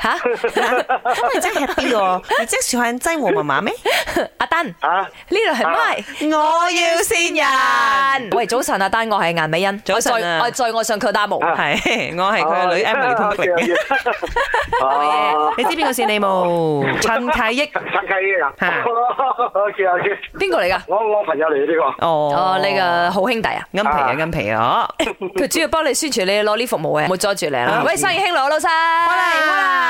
吓，咁你即刻 B 喎，你即係喜歡濟和媽媽咩？阿丹，呢度係 Mike，我要線人。喂，早晨啊，丹，我係顏薇恩，早晨啊，我再我上 Kodalmo，係我係佢嘅女 Emily Thompson 嘅。好嘢，你知邊個線你冇？陳啟益，陳啟益啊，係。邊個嚟噶？我我朋友嚟嘅呢個。哦，呢個好兄弟啊，眼皮嘅眼皮啊，佢主要幫你宣傳你攞呢服務嘅，唔好阻住你啦。喂，生意興隆啊，老細。好啦，好啦。